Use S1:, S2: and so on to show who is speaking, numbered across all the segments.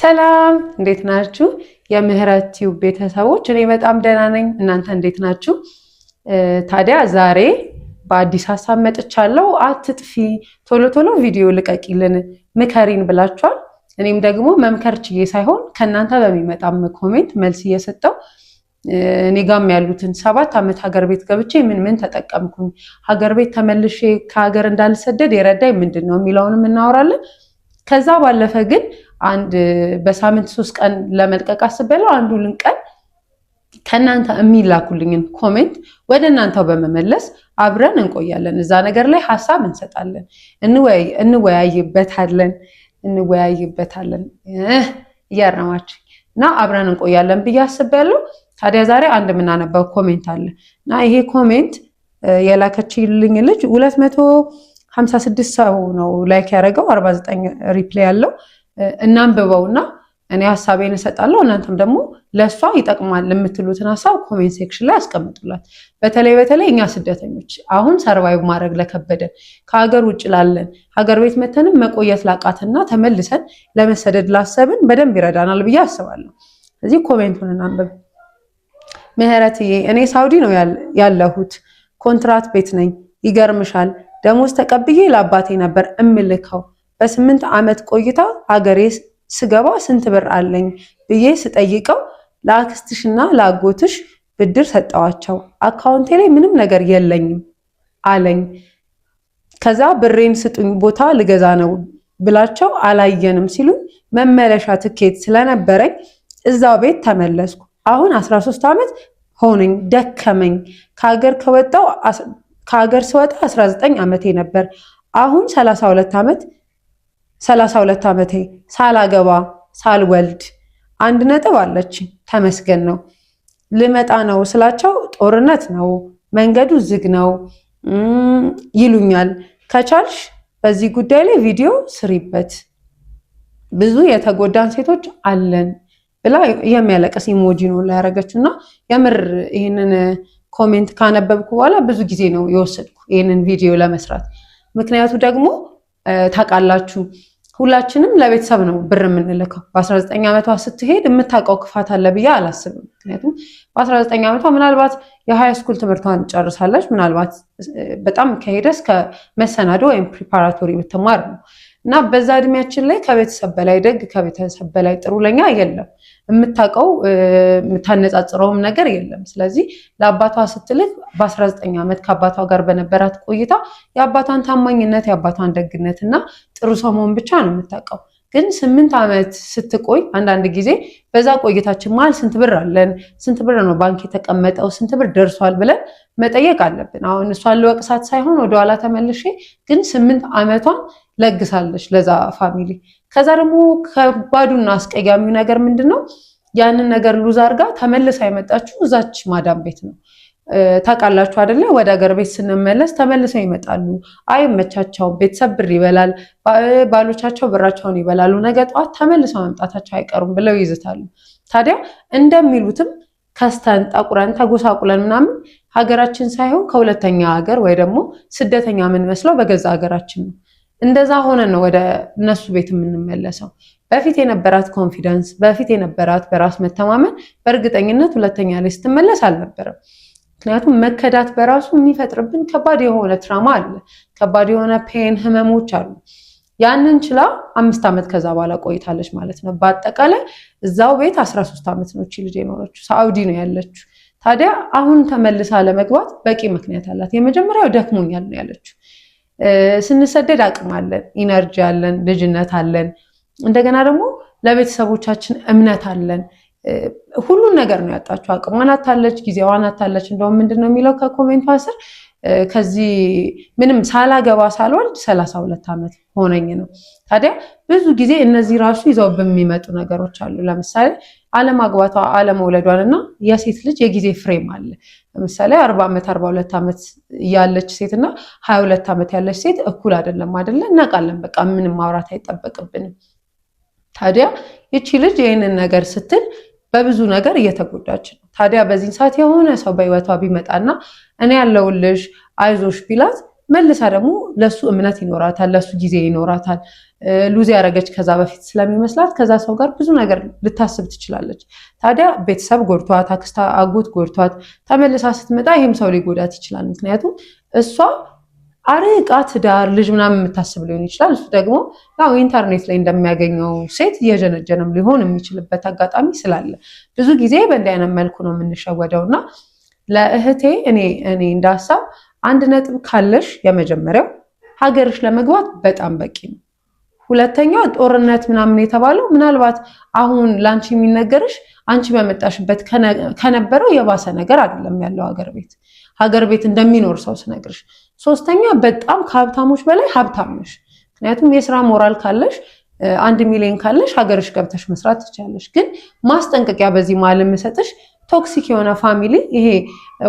S1: ሰላም እንዴት ናችሁ? የምህረት ቲዩብ ቤተሰቦች፣ እኔ በጣም ደህና ነኝ። እናንተ እንዴት ናችሁ? ታዲያ ዛሬ በአዲስ ሀሳብ መጥቻለሁ። አትጥፊ፣ ቶሎ ቶሎ ቪዲዮ ልቀቂልን፣ ምከሪን ብላችኋል። እኔም ደግሞ መምከር ችዬ ሳይሆን ከእናንተ በሚመጣም ኮሜንት መልስ እየሰጠው እኔ ጋም ያሉትን ሰባት ዓመት ሀገር ቤት ገብቼ ምን ምን ተጠቀምኩኝ፣ ሀገር ቤት ተመልሼ ከሀገር እንዳልሰደድ የረዳኝ ምንድን ነው የሚለውንም እናወራለን። ከዛ ባለፈ ግን አንድ በሳምንት ሶስት ቀን ለመልቀቅ አስቤያለሁ። አንዱን ቀን ከእናንተ የሚላኩልኝን ኮሜንት ወደ እናንተው በመመለስ አብረን እንቆያለን። እዛ ነገር ላይ ሀሳብ እንሰጣለን፣ እንወያይበታለን እንወያይበታለን እያረማች እና አብረን እንቆያለን ብዬ አስቤያለሁ። ታዲያ ዛሬ አንድ የምናነባው ኮሜንት አለ እና ይሄ ኮሜንት የላከችልኝ ልጅ ሁለት መቶ ሀምሳ ስድስት ሰው ነው ላይክ ያደረገው፣ አርባ ዘጠኝ ሪፕሌ ያለው እናንብበውና እኔ ሀሳቤን እሰጣለሁ። እናንተም ደግሞ ለእሷ ይጠቅማል የምትሉትን ሀሳብ ኮሜንት ሴክሽን ላይ አስቀምጡላት። በተለይ በተለይ እኛ ስደተኞች አሁን ሰርቫይቭ ማድረግ ለከበደን ከሀገር ውጭ ላለን ሀገር ቤት መተንም መቆየት ላቃትና ተመልሰን ለመሰደድ ላሰብን በደንብ ይረዳናል ብዬ አስባለሁ። እዚህ ኮሜንቱን እናንብብ። ምህረትዬ፣ እኔ ሳውዲ ነው ያለሁት፣ ኮንትራት ቤት ነኝ። ይገርምሻል ደሞዝ ተቀብዬ ለአባቴ ነበር እምልከው። በስምንት ዓመት ቆይታ ሀገሬ ስገባ ስንት ብር አለኝ ብዬ ስጠይቀው ለአክስትሽና ለአጎትሽ ብድር ሰጠዋቸው፣ አካውንቴ ላይ ምንም ነገር የለኝም አለኝ። ከዛ ብሬን ስጡኝ ቦታ ልገዛ ነው ብላቸው አላየንም ሲሉኝ መመለሻ ትኬት ስለነበረኝ እዛው ቤት ተመለስኩ። አሁን 13 ዓመት ሆነኝ። ደከመኝ ከሀገር ከወጣው ከሀገር ስወጣ 19 ዓመቴ ነበር። አሁን 32 ዓመት 32 ዓመቴ ሳላገባ ሳልወልድ አንድ ነጥብ አለች። ተመስገን ነው። ልመጣ ነው ስላቸው ጦርነት ነው፣ መንገዱ ዝግ ነው ይሉኛል። ከቻልሽ በዚህ ጉዳይ ላይ ቪዲዮ ስሪበት፣ ብዙ የተጎዳን ሴቶች አለን ብላ የሚያለቀስ ኢሞጂ ነው ላይ ያደረገችው እና የምር ይህንን ኮሜንት ካነበብኩ በኋላ ብዙ ጊዜ ነው የወሰድኩ ይህንን ቪዲዮ ለመስራት። ምክንያቱ ደግሞ ታውቃላችሁ ሁላችንም ለቤተሰብ ነው ብር የምንልከው። በ19 ዓመቷ ስትሄድ የምታውቀው ክፋት አለ ብዬ አላስብም። ምክንያቱም በ19 ዓመቷ ምናልባት የሃይ ስኩል ትምህርቷን ጨርሳለች። ምናልባት በጣም ከሄደ እስከ መሰናዶ ወይም ፕሪፓራቶሪ ብትማር ነው። እና በዛ እድሜያችን ላይ ከቤተሰብ በላይ ደግ ከቤተሰብ በላይ ጥሩ ለኛ የለም። የምታውቀው የምታነጻጽረውም ነገር የለም። ስለዚህ ለአባቷ ስትልክ በ19 ዓመት ከአባቷ ጋር በነበራት ቆይታ የአባቷን ታማኝነት የአባቷን ደግነት እና ጥሩ ሰሞን ብቻ ነው የምታውቀው። ግን ስምንት ዓመት ስትቆይ አንዳንድ ጊዜ በዛ ቆይታችን መሀል ስንት ብር አለን፣ ስንት ብር ነው ባንክ የተቀመጠው፣ ስንት ብር ደርሷል ብለን መጠየቅ አለብን። አሁን እሷን ልወቅሳት ሳይሆን ወደኋላ ተመልሼ ግን ስምንት ዓመቷን ለግሳለች ለዛ ፋሚሊ። ከዛ ደግሞ ከባዱና አስቀያሚው ነገር ምንድን ነው? ያንን ነገር ሉዝ አድርጋ ተመልሳ የመጣችው እዛች ማዳም ቤት ነው። ታውቃላችሁ አደለ? ወደ ሀገር ቤት ስንመለስ ተመልሰው ይመጣሉ። አይመቻቸውም። ቤተሰብ ብር ይበላል፣ ባሎቻቸው ብራቸውን ይበላሉ። ነገ ጠዋት ተመልሰው መምጣታቸው አይቀሩም ብለው ይዝታሉ። ታዲያ እንደሚሉትም ከስተን ጠቁረን ተጎሳቁለን ምናምን ሀገራችን ሳይሆን ከሁለተኛ ሀገር ወይ ደግሞ ስደተኛ የምንመስለው በገዛ ሀገራችን ነው። እንደዛ ሆነ ነው ወደ እነሱ ቤት የምንመለሰው። በፊት የነበራት ኮንፊደንስ፣ በፊት የነበራት በራስ መተማመን በእርግጠኝነት ሁለተኛ ላይ ስትመለስ አልነበረም። ምክንያቱም መከዳት በራሱ የሚፈጥርብን ከባድ የሆነ ትራማ አለ፣ ከባድ የሆነ ፔን ህመሞች አሉ። ያንን ችላ አምስት ዓመት ከዛ በኋላ ቆይታለች ማለት ነው። በአጠቃላይ እዛው ቤት 13 ዓመት ነው ልጅ የኖረችው፣ ሳውዲ ነው ያለችው። ታዲያ አሁን ተመልሳ ለመግባት በቂ ምክንያት አላት። የመጀመሪያው ደክሞኛል ነው ያለችው። ስንሰደድ አቅም አለን፣ ኢነርጂ አለን፣ ልጅነት አለን። እንደገና ደግሞ ለቤተሰቦቻችን እምነት አለን። ሁሉን ነገር ነው ያጣችው። አቅሟን አታለች፣ ጊዜዋን አታለች። እንደውም ምንድን ነው የሚለው ከኮሜንቱ ስር ከዚህ ምንም ሳላገባ ሳልወልድ ሰላሳ ሁለት ዓመት ሆነኝ ነው። ታዲያ ብዙ ጊዜ እነዚህ ራሱ ይዘው በሚመጡ ነገሮች አሉ። ለምሳሌ አለማግባቷ፣ አለመውለዷን እና የሴት ልጅ የጊዜ ፍሬም አለ። ለምሳሌ አርባ ዓመት አርባ ሁለት ዓመት ያለች ሴት እና ሀያ ሁለት ዓመት ያለች ሴት እኩል አይደለም አይደለ? እናውቃለን። በቃ ምንም ማውራት አይጠበቅብንም። ታዲያ ይቺ ልጅ ይህንን ነገር ስትል በብዙ ነገር እየተጎዳች ነው። ታዲያ በዚህን ሰዓት የሆነ ሰው በህይወቷ ቢመጣና እኔ ልጅ አይዞሽ ቢላት መልሳ ደግሞ ለሱ እምነት ይኖራታል፣ ለሱ ጊዜ ይኖራታል። ሉዝ ያደረገች ከዛ በፊት ስለሚመስላት ከዛ ሰው ጋር ብዙ ነገር ልታስብ ትችላለች። ታዲያ ቤተሰብ ጎድቷት፣ አክስታ አጎት ጎድቷት ተመልሳ ስትመጣ ይህም ሰው ሊጎዳት ይችላል። ምክንያቱም እሷ አርቃ ትዳር ልጅ ምናምን የምታስብ ሊሆን ይችላል። እሱ ደግሞ ያው ኢንተርኔት ላይ እንደሚያገኘው ሴት እየጀነጀንም ሊሆን የሚችልበት አጋጣሚ ስላለ ብዙ ጊዜ በእንዲህ አይነት መልኩ ነው የምንሸወደው እና ለእህቴ እኔ እኔ እንዳሳብ አንድ ነጥብ ካለሽ የመጀመሪያው ሀገርሽ ለመግባት በጣም በቂ ነው። ሁለተኛ ጦርነት ምናምን የተባለው ምናልባት አሁን ለአንቺ የሚነገርሽ አንቺ በመጣሽበት ከነበረው የባሰ ነገር አይደለም ያለው ሀገር ቤት ሀገር ቤት እንደሚኖር ሰው ስነግርሽ ሶስተኛ በጣም ከሀብታሞች በላይ ሀብታም ነሽ። ምክንያቱም የስራ ሞራል ካለሽ አንድ ሚሊዮን ካለሽ ሀገርሽ ገብተሽ መስራት ትችላለሽ። ግን ማስጠንቀቂያ በዚህ መሀል የምሰጥሽ ቶክሲክ የሆነ ፋሚሊ ይሄ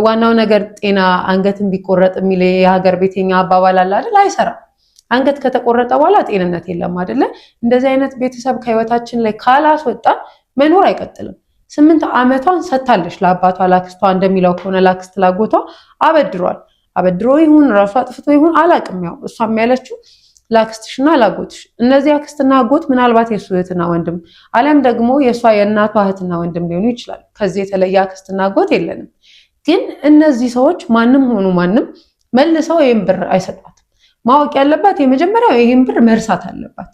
S1: ዋናው ነገር ጤና አንገትን ቢቆረጥ የሚል የሀገር ቤተኛ አባባል አለ አይደል? አይሰራም። አንገት ከተቆረጠ በኋላ ጤንነት የለም አይደለ? እንደዚህ አይነት ቤተሰብ ከህይወታችን ላይ ካላስወጣን መኖር አይቀጥልም። ስምንት ዓመቷን ሰጥታለች ለአባቷ ላክስቷ፣ እንደሚለው ከሆነ ላክስት ላጎቷ አበድሯል። አበድሮ ይሁን ራሱ አጥፍቶ ይሁን አላቅም። ያው እሷም ያለችው ለአክስትሽና ላጎትሽ እነዚህ አክስትና አጎት ምናልባት የእሱ እህትና ወንድም አሊያም ደግሞ የእሷ የእናቷ እህትና ወንድም ሊሆኑ ይችላል። ከዚህ የተለየ አክስትና አጎት የለንም። ግን እነዚህ ሰዎች ማንም ሆኑ ማንም መልሰው ይህን ብር አይሰጧትም። ማወቅ ያለባት የመጀመሪያው ይህን ብር መርሳት አለባት።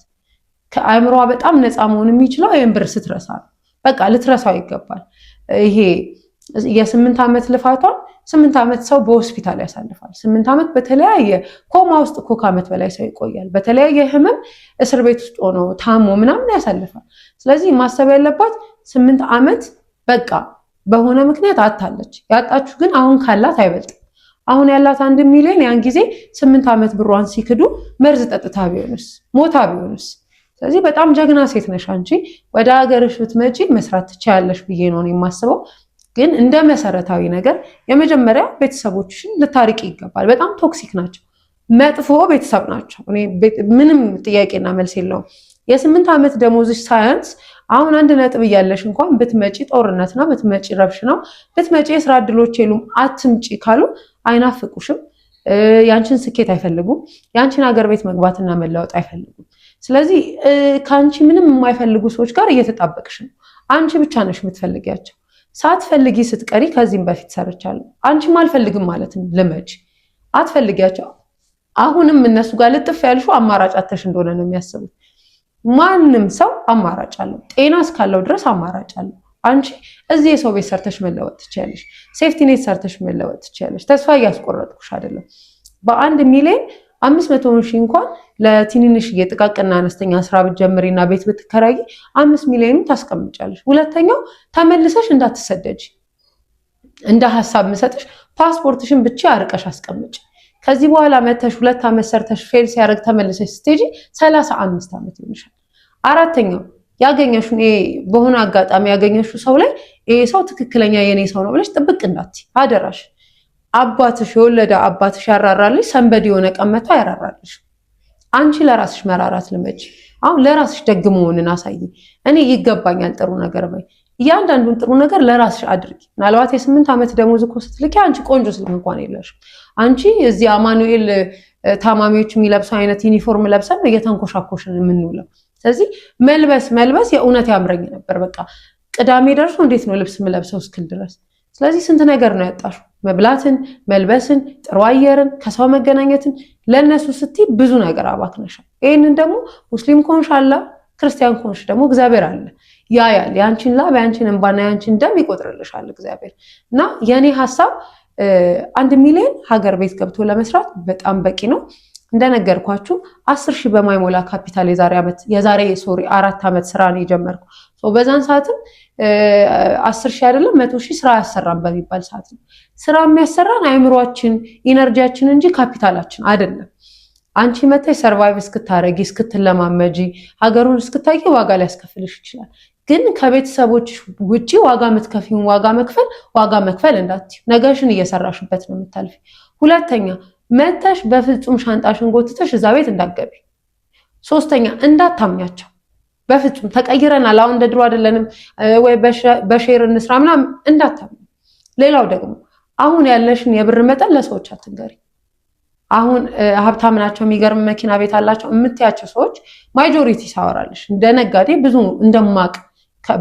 S1: ከአእምሯ በጣም ነፃ መሆን የሚችለው ይህን ብር ስትረሳ ነው። በቃ ልትረሳው ይገባል። ይሄ የስምንት ዓመት ልፋቷን ስምንት ዓመት ሰው በሆስፒታል ያሳልፋል። ስምንት ዓመት በተለያየ ኮማ ውስጥ እኮ ከዓመት በላይ ሰው ይቆያል። በተለያየ ህመም እስር ቤት ውስጥ ሆኖ ታሞ ምናምን ያሳልፋል። ስለዚህ ማሰብ ያለባት ስምንት ዓመት በቃ በሆነ ምክንያት አታለች። ያጣችሁ ግን አሁን ካላት አይበልጥም። አሁን ያላት አንድ ሚሊዮን ያን ጊዜ ስምንት ዓመት ብሯን ሲክዱ መርዝ ጠጥታ ቢሆንስ ሞታ ቢሆንስ? ስለዚህ በጣም ጀግና ሴት ነሽ አንቺ። ወደ ሀገርሽ ብትመጪ መስራት ትችያለሽ ብዬ ነው የማስበው። ግን እንደ መሰረታዊ ነገር የመጀመሪያ ቤተሰቦችሽን ልታርቅ ይገባል። በጣም ቶክሲክ ናቸው፣ መጥፎ ቤተሰብ ናቸው። ምንም ጥያቄና መልስ የለውም። የስምንት ዓመት ደሞዝሽ ሳያንስ አሁን አንድ ነጥብ እያለሽ እንኳን ብትመጪ ጦርነት ነው፣ ብትመጪ ረብሽ ነው፣ ብትመጪ የስራ እድሎች የሉም አትምጪ ካሉ አይናፍቁሽም። ያንቺን ስኬት አይፈልጉም። ያንቺን ሀገር ቤት መግባትና መለወጥ አይፈልጉም። ስለዚህ ከአንቺ ምንም የማይፈልጉ ሰዎች ጋር እየተጣበቅሽ ነው። አንቺ ብቻ ነሽ የምትፈልጊያቸው። ሳትፈልጊ ስትቀሪ ከዚህም በፊት ሰርቻለሁ። አንቺም አልፈልግም ማለትን ልመጅ። አትፈልጊያቸው። አሁንም እነሱ ጋር ልጥፍ ያልሹ አማራጭ አተሽ እንደሆነ ነው የሚያስቡት። ማንም ሰው አማራጭ አለው። ጤና እስካለው ድረስ አማራጭ አለው። አንቺ እዚህ የሰው ቤት ሰርተሽ መለወጥ ትችያለሽ። ሴፍቲኔት ሰርተሽ መለወጥ ትችያለሽ። ተስፋ እያስቆረጥኩሽ አይደለም። በአንድ ሚሊዮን አምስት መቶ ሺህ እንኳን ለትንንሽ የጥቃቅንና አነስተኛ ስራ ብትጀምሪና ቤት ብትከራይ አምስት ሚሊዮኑ ታስቀምጫለሽ። ሁለተኛው ተመልሰሽ እንዳትሰደጅ እንደ ሀሳብ ምሰጥሽ ፓስፖርትሽን ብቻ አርቀሽ አስቀምጭ። ከዚህ በኋላ መተሽ ሁለት ዓመት ሰርተሽ ፌል ሲያደርግ ተመልሰሽ ስትሄጂ ሰላሳ አምስት ዓመት ይሆንሻል። አራተኛው ያገኘሽው በሆነ አጋጣሚ ያገኘሽው ሰው ላይ ይሄ ሰው ትክክለኛ የኔ ሰው ነው ብለሽ ጥብቅ እንዳትይ አደራሽ። አባትሽ የወለደ አባትሽ ያራራልሽ፣ ሰንበድ የሆነ ቀመቶ ያራራልሽ። አንቺ ለራስሽ መራራት ልመጂ። አሁን ለራስሽ ደግ መሆንን አሳይ። እኔ ይገባኛል ጥሩ ነገር በይ። እያንዳንዱን ጥሩ ነገር ለራስሽ አድርጊ። ምናልባት የስምንት ዓመት ደሞዝ እኮ ስትልኪ አንቺ ቆንጆ ስልክ እንኳን የለሽም። አንቺ እዚህ አማኑኤል ታማሚዎች የሚለብሰው አይነት ዩኒፎርም ለብሰን እየተንኮሻኮሽን የምንውለው። ስለዚህ መልበስ መልበስ የእውነት ያምረኝ ነበር በቃ ቅዳሜ ደርሶ እንዴት ነው ልብስ የምለብሰው እስክል ድረስ። ስለዚህ ስንት ነገር ነው ያጣሽው። መብላትን፣ መልበስን፣ ጥሩ አየርን፣ ከሰው መገናኘትን ለእነሱ ስትይ ብዙ ነገር አባክነሻል። ይህንን ደግሞ ሙስሊም ከሆንሽ አለ ክርስቲያን ከሆንሽ ደግሞ እግዚአብሔር አለ ያያል። ያንቺን ላብ ያንቺን እንባና ያንቺን ደም ይቆጥርልሻል እግዚአብሔር እና የእኔ ሀሳብ አንድ ሚሊዮን ሀገር ቤት ገብቶ ለመስራት በጣም በቂ ነው። እንደነገርኳችሁ አስር ሺህ በማይሞላ ካፒታል የዛሬ አራት ዓመት ስራ ነው የጀመርኩ። በዛን ሰዓትም አስር ሺህ አይደለም መቶ ሺህ ስራ አያሰራም በሚባል ሰዓት ነው። ስራ የሚያሰራን አይምሯችን ኢነርጂያችን እንጂ ካፒታላችን አይደለም። አንቺ መታይ ሰርቫይቭ እስክታረጊ እስክትለማመጂ ሀገሩን እስክታየ ዋጋ ሊያስከፍልሽ ይችላል። ግን ከቤተሰቦች ውጭ ዋጋ የምትከፊውን ዋጋ መክፈል ዋጋ መክፈል እንዳት ነገሽን እየሰራሽበት ነው የምታልፊ። ሁለተኛ መተሽ በፍጹም ሻንጣሽን ጎትተሽ እዛ ቤት እንዳገቢ። ሶስተኛ እንዳታምኛቸው በፍጹም ተቀይረናል። አሁን እንደ ድሮ አይደለንም። ወይ በሼር እንስራ ምናምን እንዳታምኑ። ሌላው ደግሞ አሁን ያለሽን የብር መጠን ለሰዎች አትንገሪ። አሁን ሀብታም ናቸው የሚገርም መኪና ቤት አላቸው የምትያቸው ሰዎች ማጆሪቲ ሳወራለሽ እንደ ነጋዴ ብዙ እንደማቅ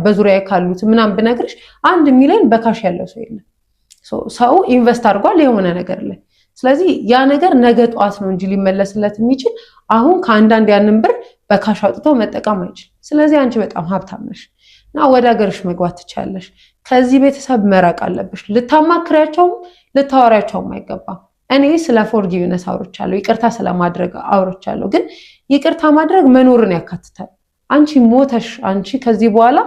S1: በዙሪያ ካሉት ምናምን ብነግርሽ አንድ ሚሊዮን በካሽ ያለው ሰው የለም። ሰው ኢንቨስት አድርጓል የሆነ ነገር ላይ። ስለዚህ ያ ነገር ነገ ጠዋት ነው እንጂ ሊመለስለት የሚችል አሁን ከአንዳንድ ያንን ብር በካሽ አውጥቶ መጠቀም አይችልም። ስለዚህ አንቺ በጣም ሀብታም ነሽ እና ወደ ሀገርሽ መግባት ትቻለሽ። ከዚህ ቤተሰብ መራቅ አለብሽ። ልታማክሪያቸውም ልታወሪያቸውም አይገባም። እኔ ስለ ፎርጊቭነስ አውርቻለሁ፣ ይቅርታ ስለማድረግ አውርቻለሁ። ግን ይቅርታ ማድረግ መኖርን ያካትታል። አንቺ ሞተሽ አንቺ ከዚህ በኋላ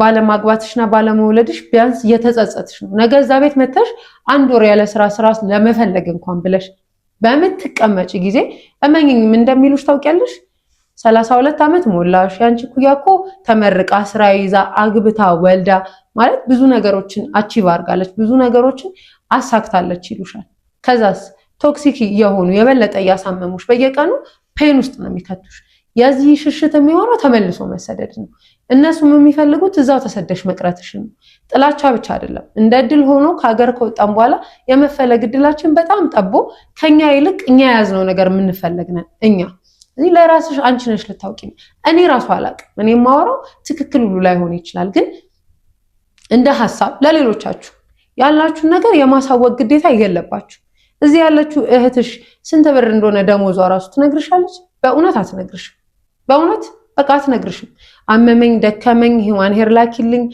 S1: ባለማግባትሽና ባለመውለድሽ ቢያንስ እየተጸጸትሽ ነው። ነገ እዛ ቤት መተሽ አንድ ወር ያለ ስራ ስራ ለመፈለግ እንኳን ብለሽ በምትቀመጭ ጊዜ እመኝኝም እንደሚሉሽ ታውቂያለሽ። ሰላሳ ሁለት ዓመት ሞላሽ፣ ያንቺ ኩያ እኮ ተመርቃ ስራ ይዛ አግብታ ወልዳ ማለት ብዙ ነገሮችን አቺቭ አድርጋለች፣ ብዙ ነገሮችን አሳክታለች ይሉሻል። ከዛስ ቶክሲክ የሆኑ የበለጠ እያሳመሙሽ በየቀኑ ፔን ውስጥ ነው የሚከቱሽ። የዚህ ሽሽት የሚሆነው ተመልሶ መሰደድ ነው። እነሱም የሚፈልጉት እዛው ተሰደሽ መቅረትሽን ነው። ጥላቻ ብቻ አይደለም። እንደ እድል ሆኖ ከሀገር ከወጣን በኋላ የመፈለግ እድላችን በጣም ጠቦ ከኛ ይልቅ እኛ የያዝነው ነገር የምንፈለግ ነን እኛ እዚህ ለራስሽ አንቺ ነሽ ልታውቂ። እኔ ራሱ አላውቅም። እኔ የማወራው ትክክል ሁሉ ላይሆን ይችላል፣ ግን እንደ ሀሳብ ለሌሎቻችሁ ያላችሁን ነገር የማሳወቅ ግዴታ የለባችሁ። እዚህ ያለችው እህትሽ ስንት ብር እንደሆነ ደሞዟ ራሱ ትነግርሻለች? በእውነት አትነግርሽም። በእውነት በቃ አትነግርሽም። አመመኝ፣ ደከመኝ፣ ሂማን ሄር ላኪልኝ፣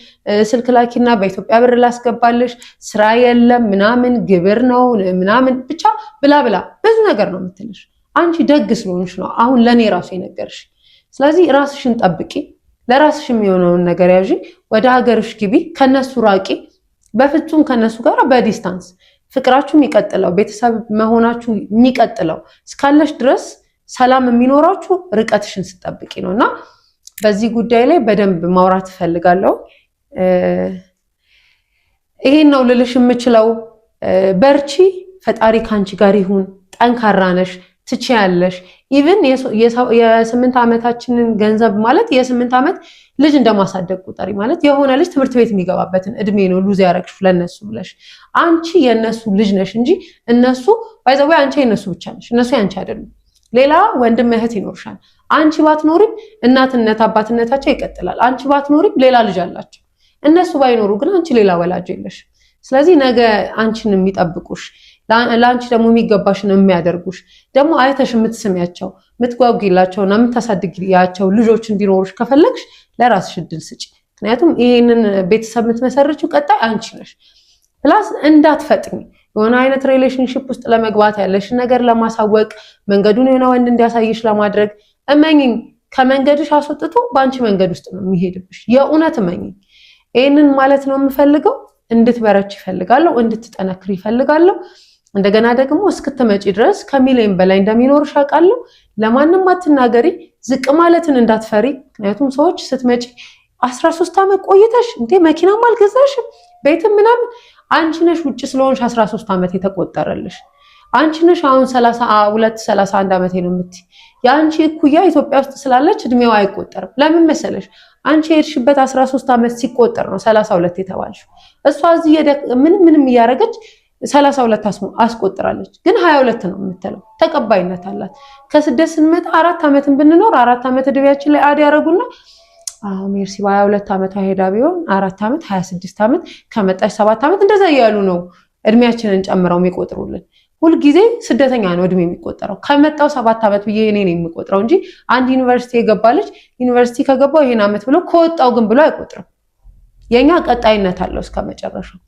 S1: ስልክ ላኪና በኢትዮጵያ ብር ላስገባልሽ፣ ስራ የለም ምናምን፣ ግብር ነው ምናምን፣ ብቻ ብላ ብላ ብዙ ነገር ነው የምትልሽ አንቺ ደግ ስለሆንሽ ነው አሁን ለእኔ ራሱ የነገርሽ። ስለዚህ ራስሽን ጠብቂ፣ ለራስሽ የሚሆነውን ነገር ያዥ፣ ወደ ሀገርሽ ግቢ፣ ከነሱ ራቂ። በፍጹም ከነሱ ጋር በዲስታንስ ፍቅራችሁ የሚቀጥለው ቤተሰብ መሆናችሁ የሚቀጥለው እስካለሽ ድረስ ሰላም የሚኖራችሁ ርቀትሽን ስጠብቂ ነው እና በዚህ ጉዳይ ላይ በደንብ ማውራት እፈልጋለሁ። ይሄን ነው ልልሽ የምችለው። በርቺ፣ ፈጣሪ ከአንቺ ጋር ይሁን። ጠንካራ ነሽ። ትችያለሽ። ኢቭን የስምንት ዓመታችንን ገንዘብ ማለት የስምንት ዓመት ልጅ እንደማሳደግ ቁጠሪ። ማለት የሆነ ልጅ ትምህርት ቤት የሚገባበትን እድሜ ነው ሉዝ ያደረግሽው ለነሱ ብለሽ። አንቺ የእነሱ ልጅ ነሽ እንጂ እነሱ ባይዘዌ አንቺ የእነሱ ብቻ ነሽ፣ እነሱ ያንቺ አይደሉም። ሌላ ወንድም እህት ይኖርሻል። አንቺ ባትኖሪም እናትነት አባትነታቸው ይቀጥላል። አንቺ ባትኖሪም ሌላ ልጅ አላቸው። እነሱ ባይኖሩ ግን አንቺ ሌላ ወላጅ የለሽ። ስለዚህ ነገ አንቺን የሚጠብቁሽ ለአንቺ ደግሞ የሚገባሽን የሚያደርጉሽ ደግሞ አይተሽ የምትስሚያቸው የምትጓጉላቸውና የምታሳድግያቸው ልጆች እንዲኖሩሽ ከፈለግሽ ለራስሽ እድል ስጪ። ምክንያቱም ይህንን ቤተሰብ የምትመሰርችው ቀጣይ አንቺ ነሽ። ፕላስ እንዳትፈጥኝ የሆነ አይነት ሪሌሽንሽፕ ውስጥ ለመግባት ያለሽን ነገር ለማሳወቅ መንገዱን የሆነ ወንድ እንዲያሳይሽ ለማድረግ እመኝኝ፣ ከመንገድሽ አስወጥቶ በአንቺ መንገድ ውስጥ ነው የሚሄድብሽ። የእውነት እመኝኝ። ይህንን ማለት ነው የምፈልገው። እንድትበረች ይፈልጋለሁ። እንድትጠነክር ይፈልጋለሁ። እንደገና ደግሞ እስክትመጪ ድረስ ከሚሊዮን በላይ እንደሚኖርሽ አውቃለሁ። ለማንም አትናገሪ፣ ዝቅ ማለትን እንዳትፈሪ። ምክንያቱም ሰዎች ስትመጪ አስራ ሶስት ዓመት ቆይተሽ እንዴ መኪናም አልገዛሽም ቤትም ምናምን አንቺ ነሽ ውጭ ስለሆንሽ አስራ ሶስት ዓመት የተቆጠረልሽ አንቺ ነሽ። አሁን ሰላሳ ሁለት ሰላሳ አንድ ዓመቴ ነው የምትይ። የአንቺ እኩያ ኢትዮጵያ ውስጥ ስላለች እድሜዋ አይቆጠርም። ለምን መሰለሽ? አንቺ የሄድሽበት አስራ ሶስት ዓመት ሲቆጠር ነው ሰላሳ ሁለት የተባልሽው። እሷ እዚህ ምንም ምንም እያደረገች ሰላሳ ሁለት አስቆጥራለች ግን ሀያ ሁለት ነው የምትለው ተቀባይነት አላት። ከስደት ስንመጣ አራት ዓመትን ብንኖር አራት ዓመት እድሜያችን ላይ አድ ያደረጉና ሜርሲ በሀያ ሁለት ዓመቷ ሄዳ ቢሆን አራት ዓመት ሀያ ስድስት ዓመት ከመጣች ሰባት ዓመት እንደዛ እያሉ ነው እድሜያችንን ጨምረው የሚቆጥሩልን። ሁልጊዜ ስደተኛ ነው እድሜ የሚቆጠረው። ከመጣው ሰባት ዓመት ብዬ እኔ ነው የሚቆጥረው እንጂ አንድ ዩኒቨርሲቲ የገባለች ዩኒቨርሲቲ ከገባው ይሄን ዓመት ብሎ ከወጣው ግን ብሎ አይቆጥርም። የእኛ ቀጣይነት አለው እስከ መጨረሻው።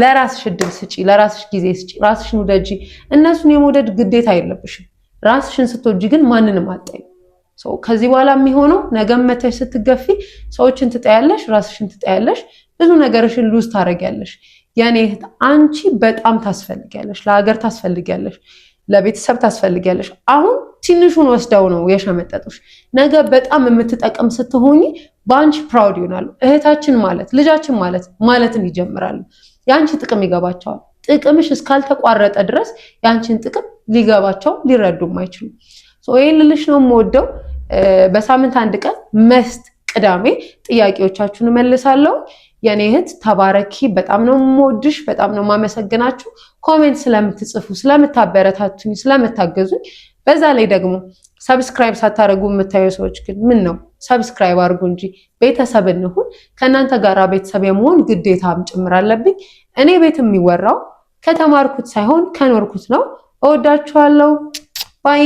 S1: ለራስሽ እድል ስጪ፣ ለራስሽ ጊዜ ስጪ፣ ራስሽን ውደጂ። እነሱን የመውደድ ግዴታ የለብሽም። ራስሽን ስትወጂ ግን ማንንም አጣይ። ከዚህ በኋላ የሚሆነው ነገ መተሽ ስትገፊ ሰዎችን ትጠያለሽ፣ ራስሽን ትጠያለሽ፣ ብዙ ነገርሽን ሉዝ ታደርጊያለሽ። ያኔ እህት አንቺ በጣም ታስፈልጊያለሽ፣ ለሀገር ታስፈልጊያለሽ፣ ለቤተሰብ ታስፈልጊያለሽ። አሁን ትንሹን ወስደው ነው የሸመጠጡሽ። ነገ በጣም የምትጠቅም ስትሆኚ በአንቺ ፕራውድ ይሆናሉ። እህታችን ማለት ልጃችን ማለት ማለትን ይጀምራሉ። የአንቺ ጥቅም ይገባቸዋል። ጥቅምሽ እስካልተቋረጠ ድረስ የአንቺን ጥቅም ሊገባቸው ሊረዱም አይችሉም። ይህን ልልሽ ነው የምወደው። በሳምንት አንድ ቀን መስት ቅዳሜ ጥያቄዎቻችሁን እመልሳለሁ። የኔ እህት ተባረኪ። በጣም ነው የምወድሽ፣ በጣም ነው የማመሰግናችሁ። ኮሜንት ስለምትጽፉ፣ ስለምታበረታቱኝ፣ ስለምታገዙኝ በዛ ላይ ደግሞ ሰብስክራይብ ሳታደርጉ የምታዩ ሰዎች ግን ምን ነው ሰብስክራይብ አድርጉ እንጂ ቤተሰብ እንሁን። ከእናንተ ጋር ቤተሰብ የመሆን ግዴታም ጭምር አለብኝ። እኔ ቤት የሚወራው ከተማርኩት ሳይሆን ከኖርኩት ነው። እወዳችኋለሁ። ባይ